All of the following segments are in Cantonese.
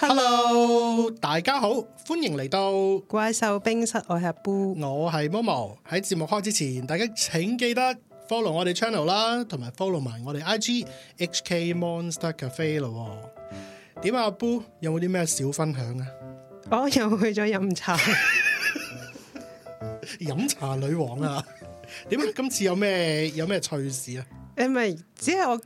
Hello，Hello. 大家好，歡迎嚟到怪獸冰室。我係阿 Boo。我係 Momo。喺節目開始之前，大家請記得 follow 我哋 channel 啦，同埋 follow 埋我哋 IG H K Monster Cafe 咯。點啊，阿 Boo，有冇啲咩小分享啊？我、哦、又去咗飲茶，飲 茶女王啊！點 啊？今次有咩有咩趣事啊？誒、欸，唔係，只係我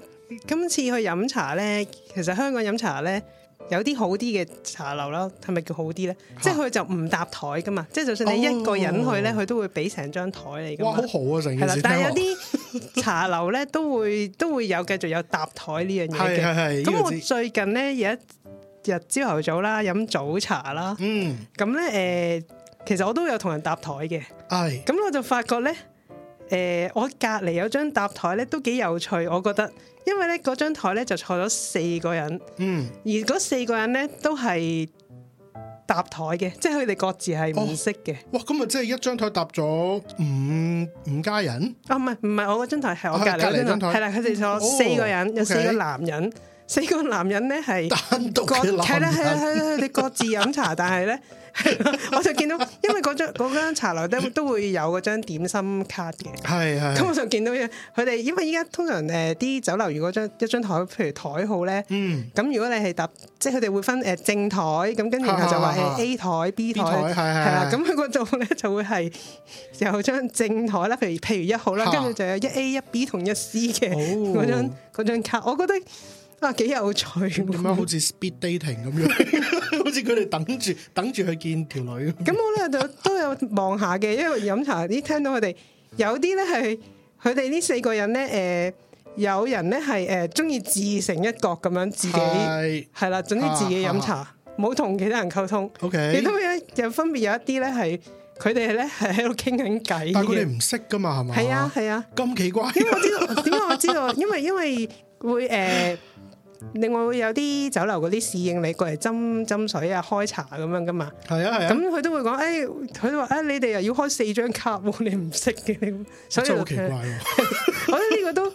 今次去飲茶咧。其實香港飲茶咧。有啲好啲嘅茶樓啦，係咪叫好啲咧？蛤即係佢就唔搭台噶嘛，即係就算你一個人去咧，佢、哦、都會俾成張台你。哇，好好啊，成件事。但係有啲茶樓咧， 都會都會有繼續有搭台呢 樣嘢嘅。係。咁我最近咧有一日朝頭早啦，飲早茶啦。嗯。咁咧，誒、呃，其實我都有同人搭台嘅。係唉。咁我就發覺咧。誒、呃，我隔籬有張搭台咧，都幾有趣，我覺得，因為咧嗰張台咧就坐咗四個人，嗯，而嗰四個人咧都係搭台嘅，即係佢哋各自係唔識嘅。哇，咁啊，即係一張台搭咗五五家人？哦、啊，唔係唔係，我嗰張台係我隔籬張台，係啦，佢哋坐四個人，哦、有四個男人，okay 四個男人咧係各單獨係啦係啦係啦，佢哋 各自飲茶，但係咧。 我就見到，因為嗰張間茶樓都都會有嗰張點心卡嘅，係係。 咁是我就見到佢哋因為依家通常誒啲酒樓，如果張一張台，譬如台號咧，嗯，咁如果你係搭，即係佢哋會分誒正台，咁跟住然後就話係 A 台 B 台，係啦，咁喺嗰度咧就會係有張正台啦，譬如譬如一號啦，跟住 就有一 A 一 B 同一 C 嘅嗰張、oh. 張，張卡，我覺得。啊，幾有趣！點解好似 speed dating 咁樣？好似佢哋等住等住去見條女。咁我咧就都有望下嘅，因為飲茶啲聽到佢哋有啲咧係佢哋呢四個人咧，誒、呃，有人咧係誒中意自成一角咁樣自己係啦是，總之自己飲茶，冇同、啊啊、其他人溝通。你都樣又分別有一啲咧係佢哋咧係喺度傾緊偈，但佢哋唔識噶嘛，係咪？係啊，係啊，咁奇怪？因為我知道，點解我知道？因為因為會誒。呃另外會有啲酒樓嗰啲侍應嚟過嚟斟斟水啊、開茶咁樣噶嘛，係啊係啊，咁佢都會講，誒佢話啊，你哋又要開四張卡喎，你唔識嘅，你所以好奇怪喎， 我覺得呢個都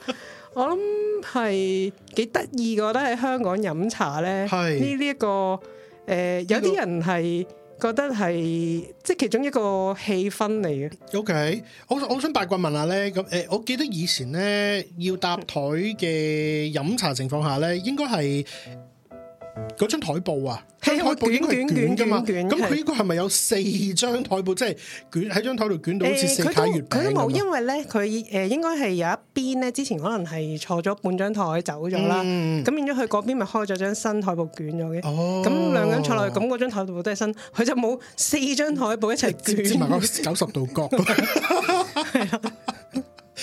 我諗係幾得意個。我覺得喺香港飲茶咧，呢呢一個誒、呃、有啲人係。這個覺得係即係其中一個氣氛嚟嘅。OK，我我想八卦問下咧，咁誒、呃，我記得以前咧要搭枱嘅飲茶情況下咧，應該係。嗰張台布啊，台的布應該係捲，捲捲噶嘛，咁佢呢個係咪有四張台布，的即係捲喺張台度捲到好似四塊月餅咁？佢都冇、欸，因為咧佢誒，應該係有一邊咧，之前可能係坐咗半張台走咗啦，咁變咗佢嗰邊咪開咗張新台布捲咗嘅。哦，咁兩個人坐落去，咁嗰張台度都係新，佢就冇四張台布一齊捲，接埋九十度角度， 係咯。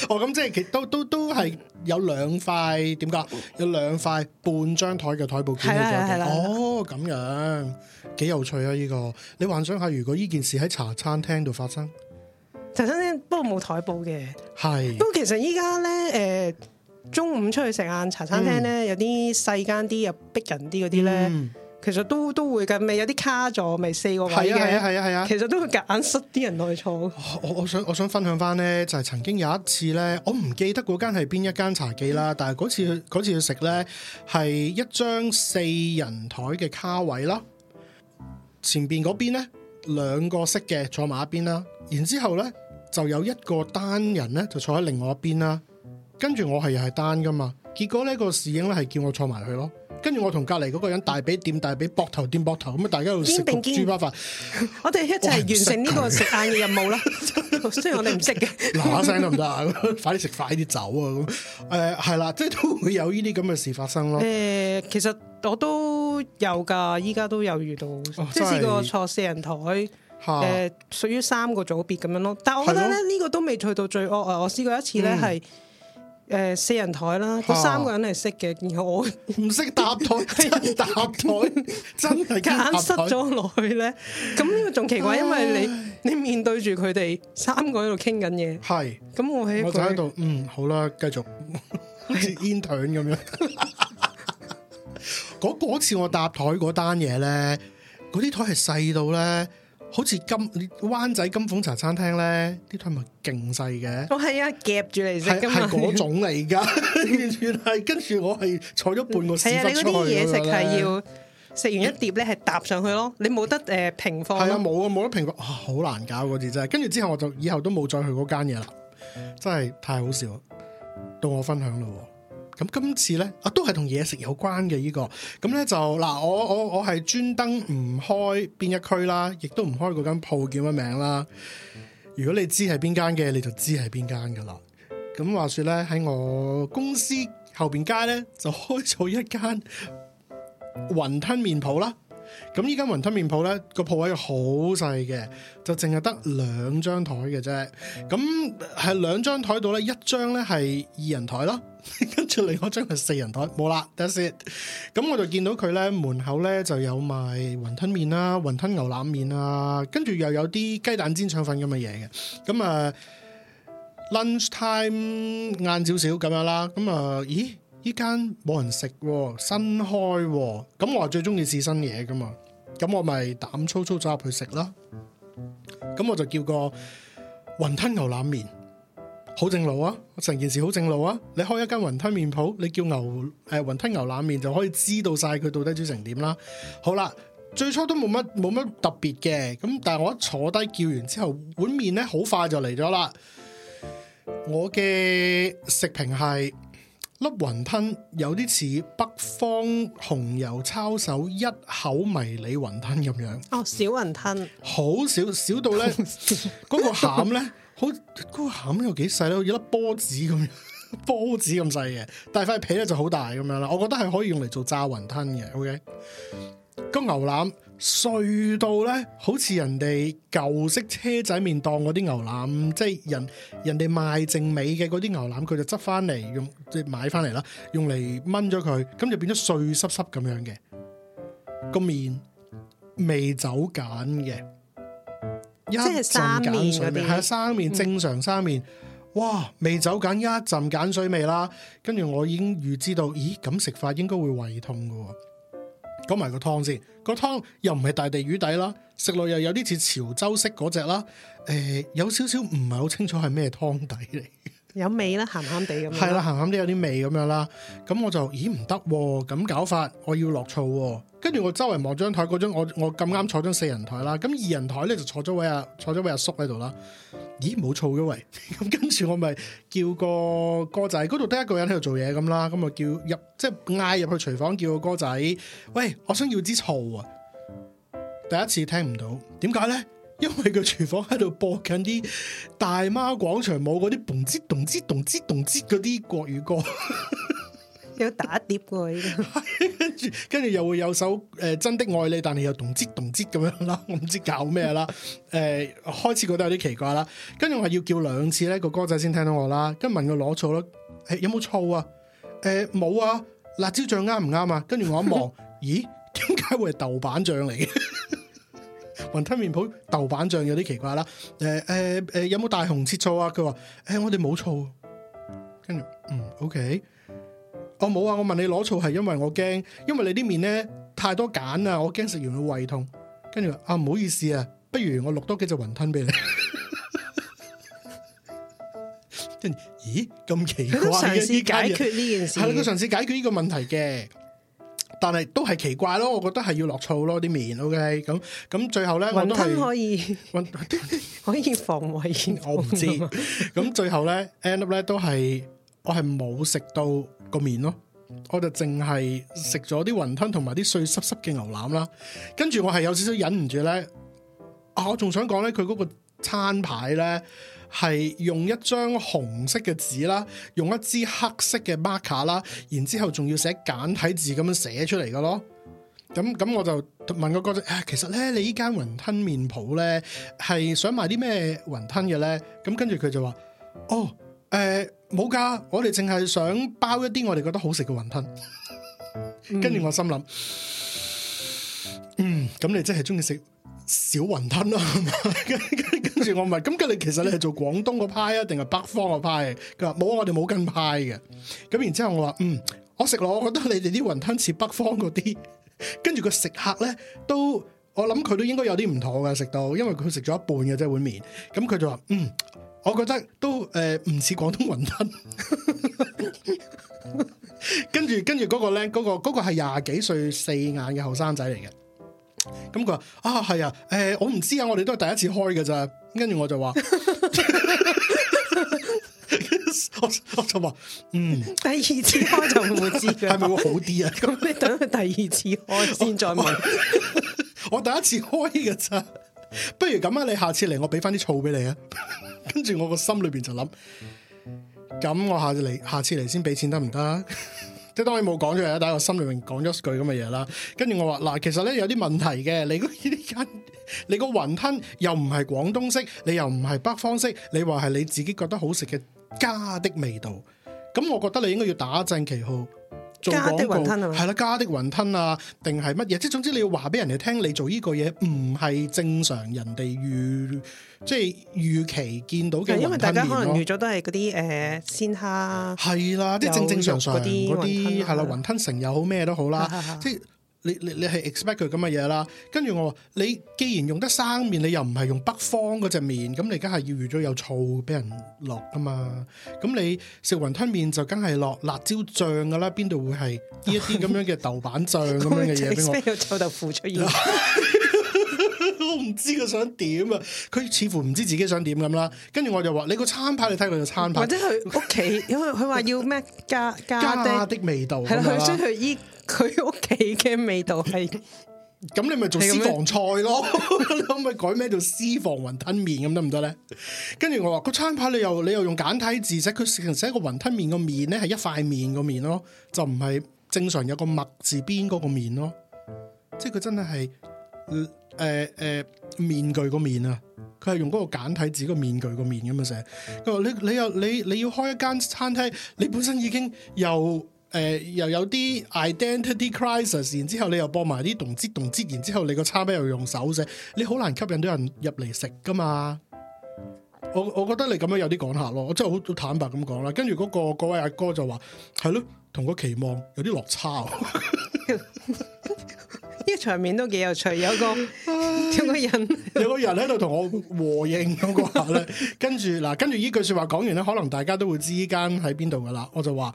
哦，咁即係其都都都係有兩塊，點解？有兩塊半張台嘅台布捐咗。的哦，咁樣幾有趣啊！呢、這個你幻想下，如果呢件事喺茶餐廳度發生，茶餐廳不過冇台布嘅。係的，不過其實依家咧，誒、呃，中午出去食晏茶餐廳咧、嗯，有啲細間啲又逼人啲嗰啲咧。嗯其實都都會嘅，未有啲卡座，未、就是、四個位咧。啊係啊係啊係啊！啊啊其實都會夾硬塞啲人落去坐。我我，我想我想分享翻呢，就係、是、曾經有一次呢，我唔記得嗰間係邊一間茶記啦，但係嗰次嗰次要食呢，係一張四人台嘅卡位啦。前面邊嗰邊咧，兩個識嘅坐埋一邊啦，然之後呢，就有一個單人呢，就坐喺另外一邊啦。跟住我係又係單噶嘛，結果呢個侍應呢，係叫我坐埋佢咯。跟住我同隔籬嗰個人大髀掂大髀，膊頭掂膊頭，咁啊！大家要食豬扒飯，天天 我哋一齊完成呢個食晏嘅任務啦。 雖然我哋唔識嘅，嗱嗱聲得唔得，快啲食，快啲走啊！咁誒係啦，即係都會有呢啲咁嘅事發生咯。誒，其實我都有㗎，依家都有遇到，哦、即係試過坐四人台誒，哈屬於三個組別咁樣咯。但係我覺得呢，呢個都未去到最惡啊！的我試過一次咧係、嗯。誒、呃，四人台啦，嗰、啊、三個人係識嘅，然後我唔識搭台，係 搭台檔 真係硬塞咗落去咧。咁呢個仲奇怪，啊、因為你你面對住佢哋三個喺度傾緊嘢，係咁是我喺我就喺度嗯，好啦，繼續似 intern 咁樣。嗰嗰、啊、 次我搭台嗰單嘢咧，嗰啲台係細到咧。好似金灣仔金鳳茶餐廳咧，啲台咪勁細嘅，我係、哦、啊夾住嚟食噶嘛，係嗰種嚟噶，完全係。跟住我係坐咗半個，係啊，你嗰啲嘢食係要食呢完一碟咧，係搭上去咯，你冇得誒、呃、平放，係啊，冇啊，冇得平放，好難搞嗰次真係。跟住之後我就以後都冇再去嗰間嘢啦，真係太好笑，到我分享咯。咁今次呢，啊，都係同嘢食有關嘅呢、這個，咁呢，就嗱，我我我係專登唔開邊一區啦，亦都唔開嗰間鋪叫乜名啦。如果你知係邊間嘅，你就知係邊間㗎啦。咁話說呢，喺我公司後邊街呢，就開咗一間雲吞麵鋪啦。咁依間雲吞麵鋪咧，個鋪位好細嘅，就淨係得兩張台嘅啫。咁係兩張台度咧，一張咧係二人台咯，跟 住另一張係四人台，冇啦。That’s it。咁我就見到佢咧門口咧就有賣雲吞麵啦，雲吞牛腩麵啊，跟住又有啲雞蛋煎腸粉咁嘅嘢嘅。咁啊，呃，lunch time 晏少少咁樣啦。咁啊，呃，咦？依間冇人食啊，新開啊，咁我最中意試新嘢噶嘛，咁我咪膽粗粗走入去食啦。咁我就叫個雲吞牛腩麵，好正路啊！成件事好正路啊！你開一間雲吞麵鋪，你叫牛誒、呃、雲吞牛腩麵，就可以知道晒佢到底煮成點啦。好啦，最初都冇乜冇乜特別嘅，咁但係我一坐低叫完之後，碗麵咧好快就嚟咗啦。我嘅食評係。粒雲吞有啲似北方紅油抄手，一口迷你雲吞咁樣。哦，小雲吞，好少，少到咧，嗰 個餡咧，好嗰、嗰個餡又幾細啦，一粒波子咁樣，波子咁細嘅，但係塊皮咧就好大咁樣啦。我覺得係可以用嚟做炸雲吞嘅。OK，個牛腩。碎到咧，好似人哋舊式車仔麵檔嗰啲牛腩，即係人人哋賣正味嘅嗰啲牛腩，佢就執翻嚟用即係買翻嚟啦，用嚟炆咗佢，咁就變咗碎濕濕咁樣嘅個麵未走鹼嘅，即係生麵嗰邊係生麵,生麵正常生麵，嗯、哇未走鹼一陣鹼水味啦，跟住我已經預知到，咦咁食法應該會胃痛噶。講埋個湯先，個湯又唔係大地魚底啦，食落又有啲似潮州式嗰隻啦，誒、呃、有少少唔係好清楚係咩湯底嚟。有味啦，鹹鹹地咁。係啦，鹹鹹地，有啲味咁樣啦。咁我就，咦唔得，咁搞法，我要落醋啊。跟住我周圍望張台，嗰張我我咁啱坐張四人台啦。咁二人台咧就坐咗位阿坐咗位阿叔喺度啦。咦冇醋嘅喂，咁跟住我咪叫個哥仔，嗰度得一個人喺度做嘢咁啦。咁咪叫入，即係嗌入去廚房叫個哥仔，喂，我想要支醋啊！第一次聽唔到，點解咧？因為個廚房喺度播緊啲大媽廣場舞嗰啲，嘣之嘣之嘣之嘣之嗰啲國語歌，有打碟噶。 跟住，跟住又會有首誒、呃、真的愛你，但係又嘣之嘣之咁樣啦，我唔知搞咩啦。誒，開始覺得有啲奇怪啦。跟住我係要叫兩次咧，個歌仔先聽到我啦。跟住問佢攞醋咯，誒、欸、有冇醋啊？誒、欸、冇啊，辣椒醬啱唔啱啊？跟住我一望， 咦，點解會係豆瓣醬嚟嘅？雲吞麵鋪豆瓣醬有啲奇怪啦，誒誒誒，有冇大紅切醋啊？佢話誒，我哋冇醋。跟住，嗯，OK，我冇，哦，啊。我問你攞醋係因為我驚，因為你啲麵咧太多鹼啊，我驚食完會胃痛。跟住話啊，唔好意思啊，不如我錄多幾隻雲吞俾你。跟 住，咦，咁奇怪嘅，啊，呢？解決呢件事係佢嘗試解決呢個問題嘅。但係都係奇怪咯，我覺得係要落醋咯啲麵，OK，咁咁最後咧我都係雲吞可以，可以防胃炎，我唔知。咁最後咧，end up 咧都係我係冇食到個麵咯，我就淨係食咗啲雲吞同埋啲碎濕濕嘅牛腩啦。跟住我係有少少忍唔住咧，啊，我仲想講咧佢嗰個餐牌咧。係用一張紅色嘅紙啦，用一支黑色嘅 marker 啦，然之後仲要寫簡體字咁樣寫出嚟嘅咯。咁咁我就問個哥仔，哎，其實咧你呢間雲吞麵鋪咧係想賣啲咩雲吞嘅咧？咁跟住佢就話，哦，誒、呃，冇噶，我哋淨係想包一啲我哋覺得好食嘅雲吞。跟住，嗯、我心諗，嗯，咁你真係中意食。小雲吞啦、啊， 跟跟住我問，咁你其實你係做廣東個派啊，定係北方個派啊？佢話冇，我哋冇跟派嘅。咁然之後我話，嗯，我食落，我覺得你哋啲雲吞似北方嗰啲。跟住個食客咧，都我諗佢都應該有啲唔妥嘅食到，因為佢食咗一半嘅啫碗麵。咁佢就話，嗯，我覺得都誒唔似廣東雲吞。 跟住跟住嗰個咧，嗰、嗰個嗰、嗰個係廿、那個、幾歲四眼嘅後生仔嚟嘅。咁佢話啊係啊，誒我唔知啊，我哋都係第一次開㗎咋，跟住我就話，我 我就話，嗯，第二次開就唔會知嘅，係咪 會好啲啊？咁 你等佢第二次開先再問我，我， 我第一次開㗎咋，不如咁啊，你下次嚟我俾翻啲醋俾你啊，跟住我個心裏邊就諗，咁我下次嚟，下次嚟先俾錢得唔得？啊即係當你冇講咗嘢，但係我心裡面講咗一句咁嘅嘢啦。跟住我話嗱，其實咧有啲問題嘅，你個呢間，你個雲吞又唔係廣東式，你又唔係北方式，你話係你自己覺得好食嘅家的味道，咁我覺得你應該要打正旗號。加的雲吞啊，係啦，加的雲吞啊，定係乜嘢？即係總之你要話俾人哋聽，你做呢個嘢唔係正常人哋預即係預期見到嘅雲吞麪咯。因為大家可能預咗都係嗰啲誒鮮蝦，係啦，即係啲正正常常嗰啲係啦，雲吞城又好咩都好啦，即係。你你你係 expect 佢咁嘅嘢啦，跟住我話你既然用得生麵，你又唔係用北方嗰隻麵，咁你梗係要預咗有醋俾人落啊嘛，咁你食雲吞麵就梗係落辣椒醬噶啦，邊度會係呢一啲咁樣嘅豆瓣醬咁樣嘅嘢俾我？臭豆腐出現。 我唔知佢想點啊！佢似乎唔知自己想點咁啦。跟住我就話，你個餐牌，你睇佢個餐牌或者佢屋企，因為佢話要咩加加的加的味道係啦，佢想佢依佢屋企嘅味道係咁， 你咪做私房菜咯。可唔可以改咩做私房雲吞麵咁得唔得咧？跟住我話，個餐牌你又你又用簡體字寫，佢成寫個雲吞麵個麵咧係一塊面個面咯，就唔係正常有個麥字邊嗰個麵咯，即係佢真係係。誒誒、呃呃，面具個面啊，佢係用嗰個簡體字個面具個面咁樣寫。佢話你你又你你要開一間餐廳，你本身已經又誒、呃、又有啲 identity crisis，然之後你又播埋啲動吱動吱，然之後你個餐牌又用手寫，你好難吸引到人入嚟食㗎嘛。我我覺得你咁樣有啲講客咯，我真係好好坦白咁講啦。跟住嗰、嗰個位阿哥，哥就話：係咯，同個期望有啲落差。 呢個場面都幾有趣，有個唉有個人 有個人喺度同我和應咁話咧，跟住嗱，跟住呢句話說話講完咧，可能大家都會知依間喺邊度噶啦。我就話，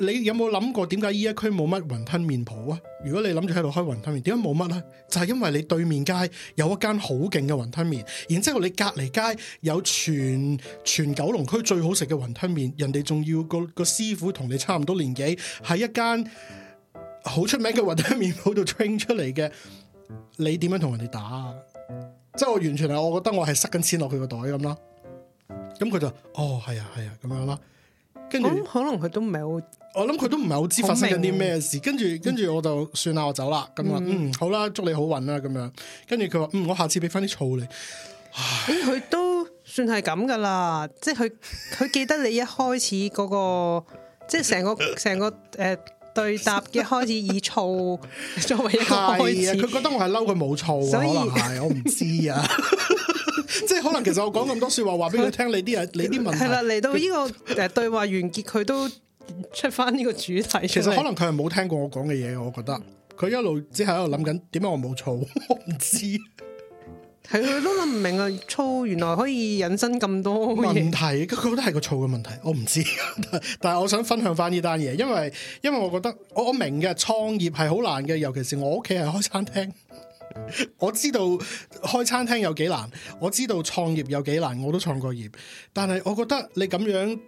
你有冇諗過點解呢一區冇乜雲吞麵鋪啊？如果你諗住喺度開雲吞麵，點解冇乜咧？就係、係、因為你對面街有一間好勁嘅雲吞麵，然之後你隔籬街有全全九龍區最好食嘅雲吞麵，人哋仲要個個師傅同你差唔多年紀，喺一間。好出名嘅運動麵館度 train 出嚟嘅，你點樣同人哋打啊？即係我完全係，我覺得我係塞緊錢落佢個袋咁咯。咁佢就哦係啊係啊咁樣啦。跟住可能佢都唔係好，我諗佢都唔係好知發生緊啲咩事。跟住跟住我就算啦，我走啦。咁話嗯，嗯，好啦，祝你好運啦咁樣。跟住佢話嗯，我下次俾翻啲醋你。佢、嗯、都算係咁噶啦，即係佢佢記得你一開始嗰、那個，即係成個成個誒。呃對答嘅開始以醋作為一個開始，佢、啊、覺得我係嬲佢冇醋，啊、所以可能係我唔知啊。 即係可能其實我講咁多說話話俾佢聽，你啲人你啲問題係啦。嚟、啊、到呢個誒對話完結，佢都出翻呢個主題。其實可能佢係冇聽過我講嘅嘢，我覺得佢一路只係喺度諗緊點解我冇醋，我唔知、啊。係佢都諗唔明啊！醋原來可以引申咁多問題，佢覺得係個醋嘅問題，我唔知。但係我想分享翻呢單嘢，因為因為我覺得我我明嘅創業係好難嘅，尤其是我屋企係開餐廳。 我知道開餐廳有幾難，我知道創業有幾難，我都創過業。但係我覺得你咁樣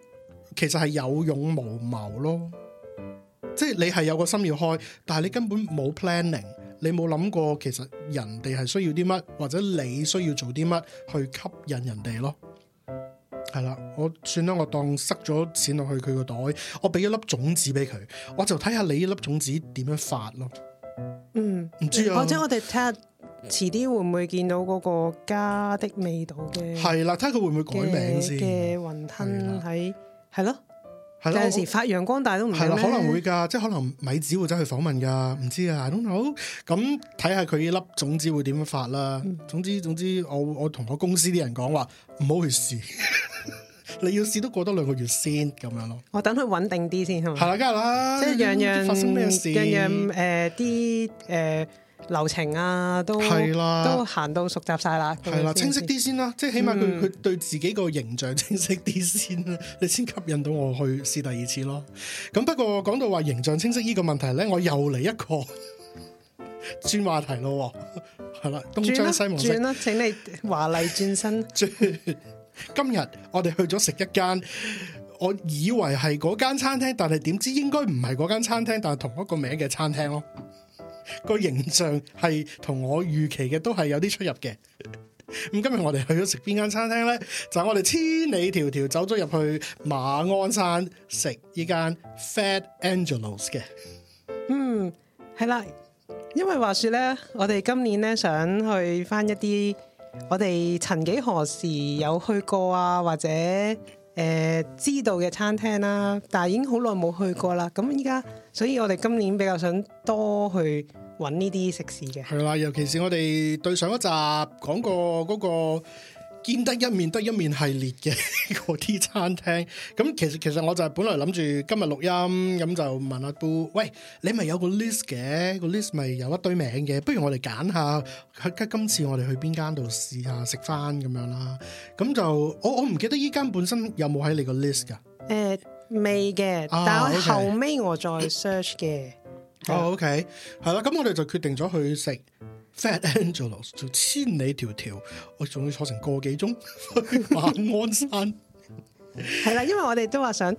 其實係有勇無謀咯，即係你係有個心要開，但係你根本冇 planning。你冇諗過，其實人哋係需要啲乜，或者你需要做啲乜去吸引人哋咯？係啦，我算啦，我當塞咗錢落去佢個袋，我俾一粒種子俾佢，我就睇下你呢粒種子點樣發咯。嗯，唔知啊。或者我哋睇下，遲啲會唔會見到嗰個家的味道嘅？係啦，睇下佢會唔會改名先嘅雲吞喺係咯。的有陣對時發揚光大都唔係囉，可能會噶，即係可能米子會走去訪問噶，唔知啊，I don't know，都好咁睇下佢粒種子會點樣發啦、嗯。總之總之，我我同我公司啲人講話唔好去試， 你要試都過多兩個月先咁樣咯。我等佢穩定啲先係咪？係啦吧，梗係啦，即係樣樣發生咩事樣樣樣誒啲誒。呃流程啊，都的都行到熟習晒啦，係啦的，清晰啲先啦，即係起碼佢佢對自己個形象清晰啲先啦，嗯、你先吸引到我去試第二次咯。咁不過講到話形象清晰呢個問題咧，我又嚟一個轉 話題咯，係 啦，東張西望，轉啦，啊，請你華麗轉身。 今日我哋去咗食一間，我以為係嗰間餐廳，但係點知應該唔係嗰間餐廳，但係同一個名嘅餐廳咯。個形象係同我預期嘅都係有啲出入嘅。咁 今日我哋去咗食邊間餐廳呢？就係我哋千里迢迢走咗入去馬鞍山食呢間 Fat Angelo's 嘅。嗯，係啦，因為話說呢，我哋今年呢想去翻一啲我哋曾幾何時有去過啊，或者。誒、嗯、知道嘅餐廳啦，但係已經好耐冇去過啦。咁依家，所以我哋今年比較想多去揾呢啲食肆嘅。係啦，尤其是我哋對上一集講過嗰個見得一面得一面系列嘅嗰啲餐廳，咁其實其實我就係本來諗住今日錄音，咁就問阿 Boo，喂，你咪有個 list 嘅，個 list 咪有一堆名嘅，不如我哋揀下，今次我哋去邊間度試下食翻咁樣啦。咁就我我唔記得依間本身有冇喺你個 list 㗎？誒、呃，未嘅，嗯、但係後尾我再 search 嘅。哦，OK，係啦，咁我哋就決定咗去食。Fat Angelo's，就千里迢迢，我仲要坐成個幾鐘去馬鞍山。係啦， 因為我哋都話想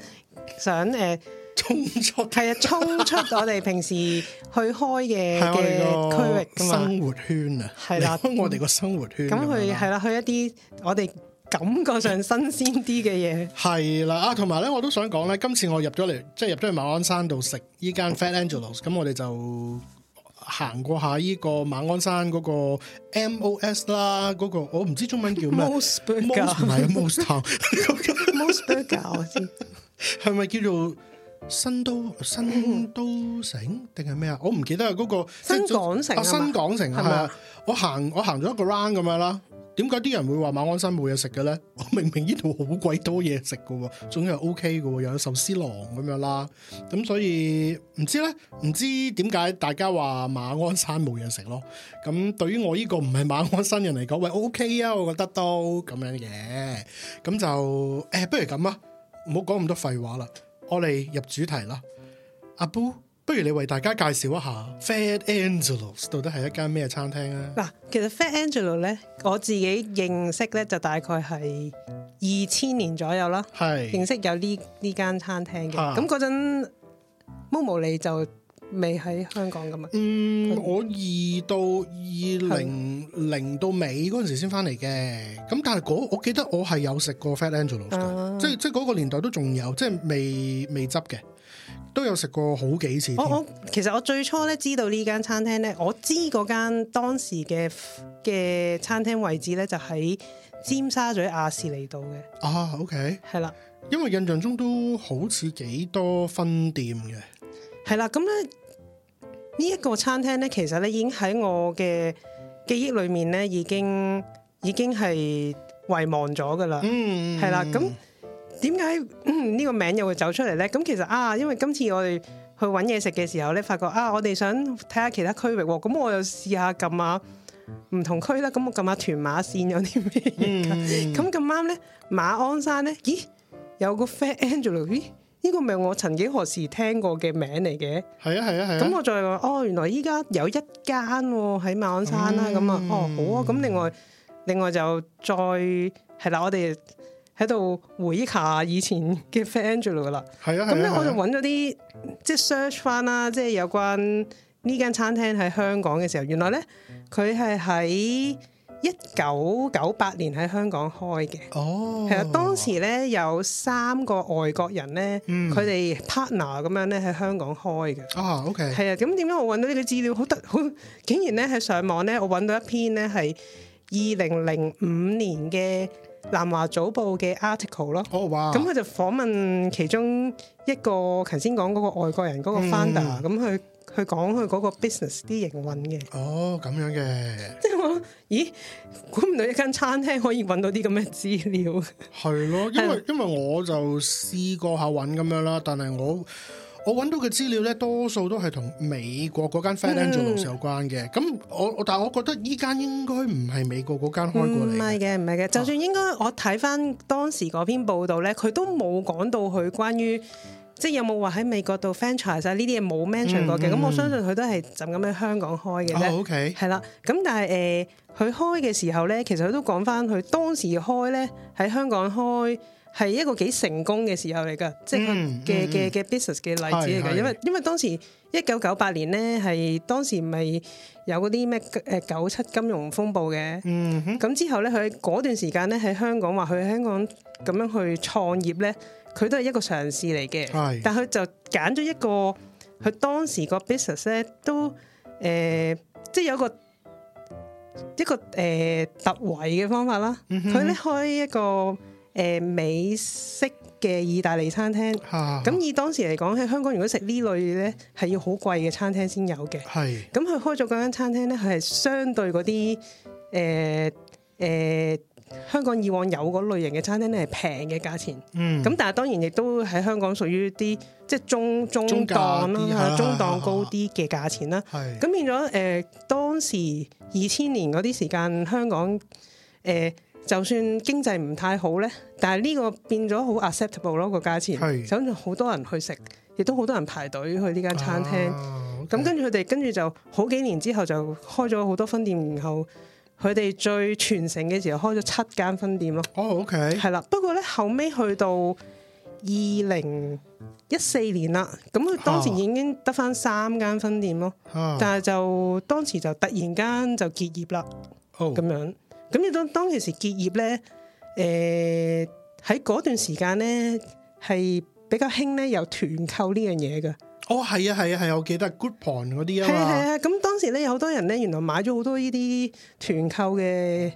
想誒，衝、呃、出係啊，衝出我哋平時去開嘅嘅區域生活圈啊。係啦，去我哋個生活圈。咁去係啦，的去一啲我哋感覺上新鮮啲嘅嘢。係啦， 啊，同埋咧，我都想講咧，今次我入咗嚟，即、就、係、是、入咗去馬鞍山度食依間 Fat Angelo's，咁我哋就。行過下依個馬鞍山嗰個 MOS 啦，嗰、那個我唔知中文叫咩 Most 唔係 Mon Mostberg 係咪叫做新都新都城定係咩啊？我唔記得啊，嗰個新港城新港城係咪？我行我行咗一個 round 咁樣啦。點解啲人會話馬鞍山冇嘢食嘅咧？我明明呢度好鬼多嘢食噶，總係 O K 噶，又有壽司郎咁樣啦。咁所以唔知咧，唔知點解大家話馬鞍山冇嘢食咯？咁對於我呢個唔係馬鞍山人嚟講，喂 OK 啊，我覺得都咁樣嘅。咁就誒、欸，不如咁啊，唔好講咁多廢話啦，我哋入主題啦，阿 Bo 不如你為大家介紹一下 Fat Angelo's，到底係一間咩餐廳咧、啊？嗱，其實 Fat Angelo's 咧，我自己認識咧就大概係二千年左右啦，係是認識有呢呢間餐廳嘅。咁嗰陣，Momo 你就未喺香港㗎嘛？嗯，呢我二到二零零到尾嗰陣時先翻嚟嘅。咁是但係嗰、那個、我記得我係有食過 Fat Angelo's，、啊、即係即係嗰個年代都仲有，即係未未執嘅。都有食過好幾次。我我其實我最初咧知道呢間餐廳咧，我知嗰間當時嘅嘅餐廳位置咧就喺、是、尖沙咀亞士厘道嘅。啊，OK，係啦的，因為印象中都好似幾多分店嘅。係啦，咁咧呢一、這個餐廳咧，其實咧已經喺我嘅記憶裏面咧，已經呢已經係遺忘咗㗎喇。嗯，係啦，咁。點解呢個名又會走出嚟咧？咁其實啊，因為今次我哋去揾嘢食嘅時候咧，發覺啊，我哋想睇下其他區域，咁我又試下撳下唔同區啦。咁我撳下屯馬綫有啲咩嘢？咁咁啱咧，馬鞍山咧，咦，有個 Fat Angelo's？咦，呢個咪我曾經何時聽過嘅名嚟嘅？係啊係啊係。咁我再話哦，原來依家有一間喺馬鞍山啦。咁啊哦好啊。咁另外另外就再係啦，我哋。喺度回憶下以前嘅 Fat Angelo's 啦，係啊的，咁咧我就揾咗啲即係 search 翻啦，的即係有關呢間餐廳喺香港嘅時候，原來咧佢係喺一九九八年喺香港開嘅。哦，其實當時咧有三個外國人咧，佢哋、嗯、partner 咁樣咧喺香港開嘅。哦，OK，係啊，咁點解我揾到呢個資料好得？好竟然咧喺上網咧，我揾到一篇咧係二零零五年嘅。南華早報嘅 article 咯，咁佢就訪問其中一個，頭先講嗰個外國人嗰個 founder，咁佢佢講佢嗰個 business 啲營運嘅。哦、oh，咁樣嘅，即係我咦，估唔到一間餐廳可以搵到啲咁嘅資料。係咯、啊，因為因為我就試過下搵咁樣啦，但係我。我揾到嘅資料咧，多數都係同美國嗰間 Fat Angelo's 做零有關嘅。咁我、嗯、但係我覺得依間應該唔係美國嗰間開過嚟、嗯。唔係嘅，唔係嘅。啊、就算應該，我睇翻當時嗰篇報道咧，佢都冇講到佢關於即係有冇話喺美國度 Franchise 呢啲嘢冇 mention 過嘅。咁、嗯嗯、我相信佢都係就咁喺香港開嘅 O K，係啦。咁、哦 okay. 但係誒，佢、呃、開嘅時候咧，其實佢都講翻佢當時開咧喺香港開。係一個幾成功嘅時候嚟噶，即係嘅嘅嘅 business 嘅例子嚟噶，因為因為當時一九九八年咧，係當時咪有嗰啲咩誒九七金融風暴嘅，咁、嗯、哼之後咧佢嗰段時間咧喺香港話佢喺香港咁樣去創業咧，佢都係一個嘗試嚟嘅，是但佢就揀咗一個佢當時個 business 咧都誒、呃，即係有個一個誒突圍嘅方法啦，佢咧、嗯、哼開一個。誒美式嘅意大利餐廳，咁、啊、以當時嚟講喺香港，如果食呢類呢係要好貴嘅餐廳先有嘅。係是，咁佢開咗嗰間餐廳呢，佢係相對嗰啲誒誒香港以往有嗰類型嘅餐廳呢，係平嘅價錢。嗯，咁但係當然亦都喺香港屬於啲即係中中檔啦，中，啊、中檔高啲嘅價錢啦。咁是變咗誒、呃、當時二千年嗰啲時間，香港誒。呃就算經濟唔太好呢，但係呢個變咗好 acceptable 咯個價錢，就就好多人去食，亦都好多人排隊去呢間餐廳。咁跟住佢哋，跟住就好幾年之後就開咗好多分店，然後佢哋最全盛嘅時候開咗七間分店咯。哦、oh, OK，係啦。不過呢後尾去到二零一四年啦，咁佢當時已經得返三間分店咯，oh, 但係就當時就突然間就結業啦，咁、oh. 樣。咁你當當其時結業咧，誒喺嗰段時間咧係比較興咧，有團購呢樣嘢嘅。哦，係啊，係啊，係，我記得 Groupon 嗰啲啊。係係啊，咁當時咧有好多人咧，原來買咗好多呢啲團購嘅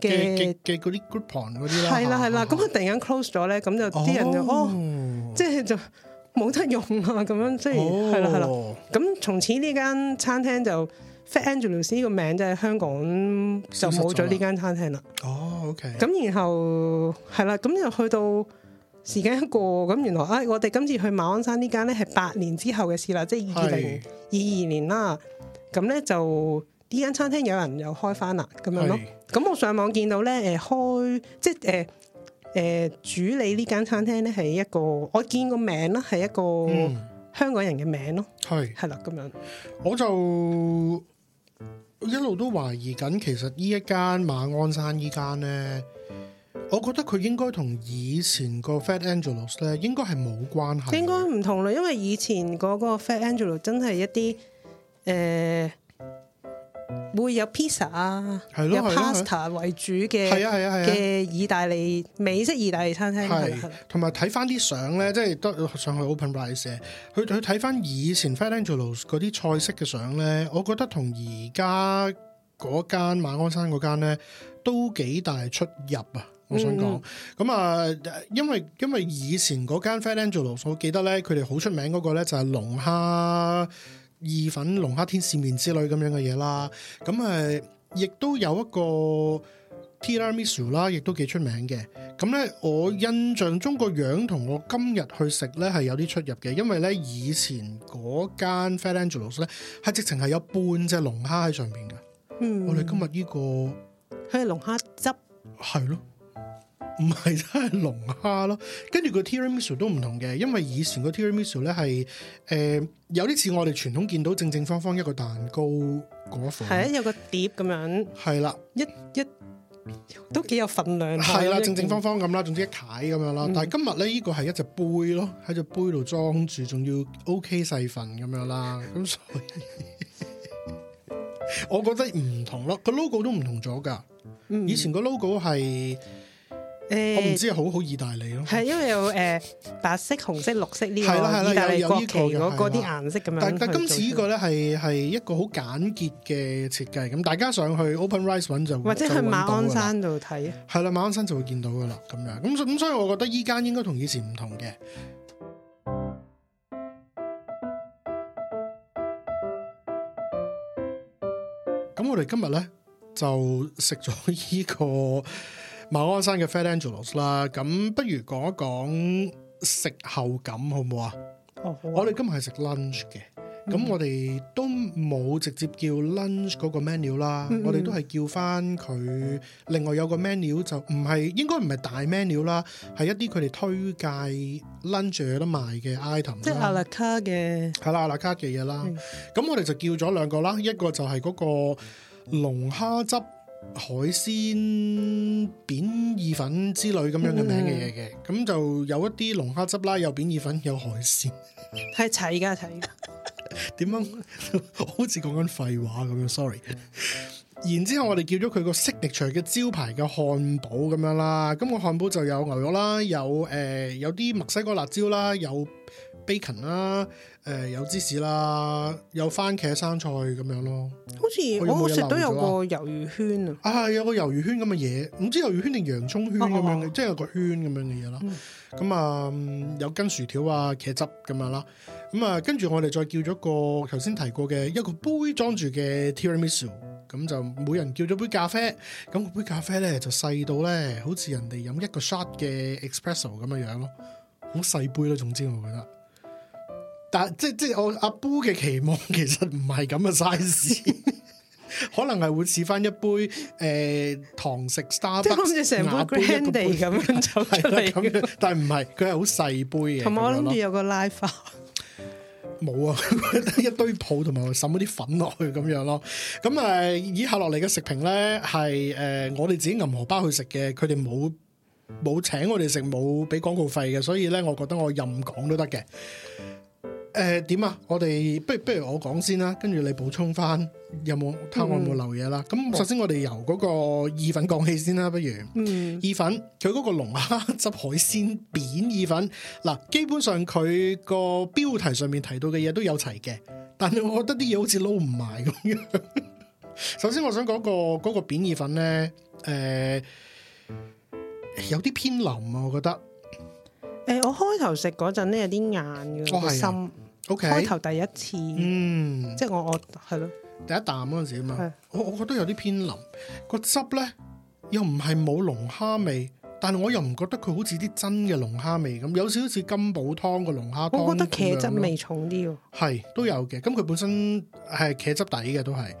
嘅嘅嗰啲 Groupon 嗰啲啦。係啦係啦，咁啊突然間 close 咗咧，咁就啲人就，oh. 就哦，即係就冇得用啊，咁樣即係係啦係啦。咁、oh. 從此呢間餐廳就。Fat Angelo's 呢個名就喺香港就冇咗呢間餐廳，oh, okay. 啦。哦，OK。咁然後係啦，咁又去到時間一過，咁原來啊，哎，我哋今次去馬鞍山呢間咧係八年之後嘅事啦，即係二零二二年啦。咁咧是就呢間餐廳有人又開翻啦，咁樣咯。咁是我上網見到咧，誒，呃，開即係誒誒主理呢間餐廳咧係一個我見個名咧係一個香港人嘅名咯，係係，嗯、是啦咁樣，我就。一路都懷疑緊，其實呢一間馬鞍山依間呢，我覺得佢應該同以前個 Fat Angelos 咧，應該係冇關係。應該唔同啦，因為以前嗰個 Fat Angelos 真係一啲誒。呃會有 pizza 啊， 有 pasta 為主嘅，係啊係啊係啊嘅意大利美式意大利餐廳。係，同埋睇翻啲相咧，即係都上去 OpenRice，佢佢睇翻以前 Fat Angelo's 嗰啲菜式嘅相咧，我覺得同而家嗰間馬鞍山嗰間咧都幾大出入啊！我想講咁啊，因為因為以前嗰間 Fat Angelo's，我記得咧佢哋好出名嗰個咧就係龍蝦。意粉、龍蝦天使麵之類咁樣嘅嘢啦，咁誒亦都有一個 Tiramisu 啦，亦都幾出名嘅。咁、嗯、咧，我印象中個樣同我今日去食咧係有啲出入嘅，因為咧以前嗰間 Fat Angelo's 咧係直情係有半隻龍蝦喺上邊嘅。嗯，我哋今日呢、呢個佢係龍蝦汁，係咯。唔係真係龍蝦咯，跟住個 Tiramisu 都唔同嘅，因為以前個 Tiramisu 咧係誒、呃、有啲似我哋傳統見到正正方方一個蛋糕嗰款，係啊，有個碟咁樣，係啦的，一一都幾有份量，係啦的，嗯、正正方方咁啦，總之一睇咁樣啦。嗯、但係今日咧呢個係一隻杯咯，喺隻杯度裝住，仲要 OK 細份咁樣啦。咁 所以 我覺得唔同咯，個 logo 都唔同咗噶，嗯、以前個 logo 係。欸、我唔知好好意大利咯。係因為有誒、呃、白色、紅色、綠色呢啲系啦係啦，有呢個嗰嗰啲顏色咁樣但。但但今次呢個咧係係一個好簡潔嘅設計。咁大家上去 Open Rice 搵，就或者去馬鞍山度睇。係啦、嗯，馬鞍山就會見到噶啦。咁樣咁咁，所以我覺得依間應該同以前唔同嘅。咁 我哋今日咧就食咗呢個。馬鞍山嘅 Fat Angelo's 啦，咁不如講一講食後感好唔好，哦、好啊？我哋今日係食 lunch 嘅，咁、嗯、我哋都冇直接叫 lunch 嗰個 menu 啦，嗯嗯我哋都係叫翻佢另外有個 menu 就唔係應該唔係大 menu 啦，係一啲佢哋推介 lunch 有得賣嘅 item。即係阿拉卡嘅，係啦，阿拉卡、嗯、那卡嘅嘢啦。咁我哋就叫咗兩個啦，一個就係嗰個龍蝦汁。海鮮扁意粉之類咁樣嘅名嘅嘢嘅，咁 就有一啲龍蝦汁啦，有扁意粉，有海鮮。係齊噶齊噶。點 怎樣？ 好似講緊廢話咁樣，sorry。 然之後我哋叫咗佢個 signature 嘅招牌嘅漢堡咁樣啦，咁個漢堡就有牛肉啦，有誒、呃、有啲墨西哥辣椒啦，有。Bacon 啦、啊，誒、呃、有芝士啦、啊，有番茄生菜咁樣咯。好似像 我冇食到有個魷魚圈啊，啊，有個魷魚圈咁嘅嘢，唔知魷魚圈定洋蔥圈咁樣嘅，啊、即係有個圈咁樣嘅嘢啦。咁啊、嗯嗯、有根薯條啊，茄汁咁樣啦。咁啊跟住我哋再叫咗個頭先提過嘅一個杯裝住嘅 tiramisu，咁就每人叫咗杯咖啡。咁杯咖啡咧就細到咧，好似人哋飲一個 shot 嘅 espresso 咁嘅樣咯，好細杯咯。總之我覺得。但即即我阿 Bo 嘅期望，其實唔係咁嘅 size，可能係會試翻一杯誒堂食 star，即諗住成杯 grande 咁樣走出嚟嘅。但唔係，佢係好細杯嘅。同埋我諗住有個拉花，冇啊，一堆泡同埋滲嗰啲粉落去咁樣咯。咁誒，以下落嚟嘅食評咧係誒我哋自己銀荷包去食嘅，佢哋冇冇請我哋食，冇俾廣告費嘅，所以咧，我覺得我任講都得嘅。誒，點、呃、啊？我哋不不如我講先啦，跟住你補充翻有冇睇我有冇漏嘢啦。咁首先我哋由嗰個意粉講起先啦，不如？意粉佢嗰、嗯、個龍蝦汁海鮮扁意粉，嗱，基本上佢個標題上面提到嘅嘢都有齊嘅，但係我覺得啲嘢好似撈唔埋咁樣。首先我想講個嗰、嗰個扁意粉咧，誒、呃，有啲偏腍啊，我覺得。誒、欸，我開頭食嗰陣咧，有啲硬嘅，個心。O K。開頭第一次，嗯，即係我我係咯。第一啖嗰陣時啊嘛，的我我覺得有啲偏腍。個汁咧又唔係冇龍蝦味。但係我又唔覺得佢好似啲真嘅龍蝦味咁，有少少似金寶湯個龍蝦湯。我覺得茄汁味，味重啲喎。係都有嘅，咁佢本身係茄汁底嘅都係，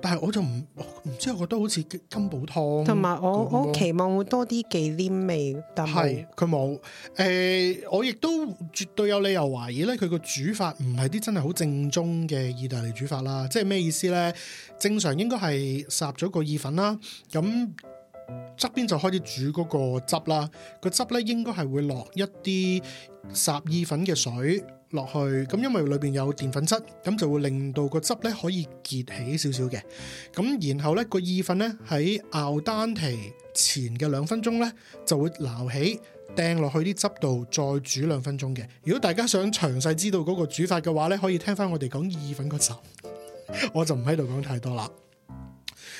但係我就唔唔知，我覺得好似金寶湯般般。同埋我我期望會多啲忌廉味，但係佢冇。誒、呃，我亦都絕對有理由懷疑咧，佢個煮法唔係啲真係好正宗嘅意大利煮法啦。即係咩意思咧？正常應該係煠咗個意粉啦，咁。側邊就開始煮嗰個汁啦，個汁咧應該係會落一啲什意粉嘅水落去，咁因為裏邊有澱粉質，咁就會令到個汁咧可以結起少少嘅。咁然後咧，個意粉咧喺熬單皮前嘅兩分鐘咧就會撈起掟落去啲汁度再煮兩分鐘嘅。如果大家想詳細知道嗰個煮法嘅話咧，可以聽翻我哋講意粉個汁，我就唔喺度講太多啦。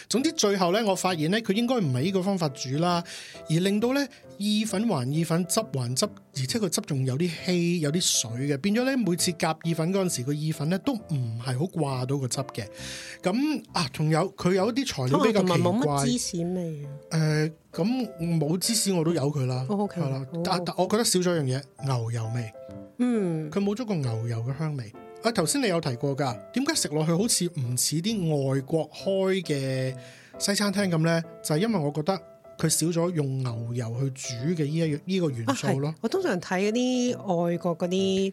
總之最後咧，我發現咧，佢應該唔係呢個方法煮啦，而令到咧意粉還意粉，汁還汁，而且個汁仲有啲稀，有啲水嘅，變咗咧每次夾意粉嗰陣時，個意粉咧都唔係好掛到個汁嘅。咁啊，仲有佢有一啲材料比較奇怪，冇乜芝士味啊。誒、呃，咁冇芝士我都由佢啦。我好係啦，okay, 但但 okay. 我覺得少咗樣嘢，牛油味。嗯，佢冇咗個牛油嘅香味。我頭先你有提過噶，點解食落去好似唔似啲外國開嘅西餐廳咁咧？就係因為我覺得佢少咗用牛油去煮嘅呢一呢個元素咯。我通常睇嗰啲外國嗰啲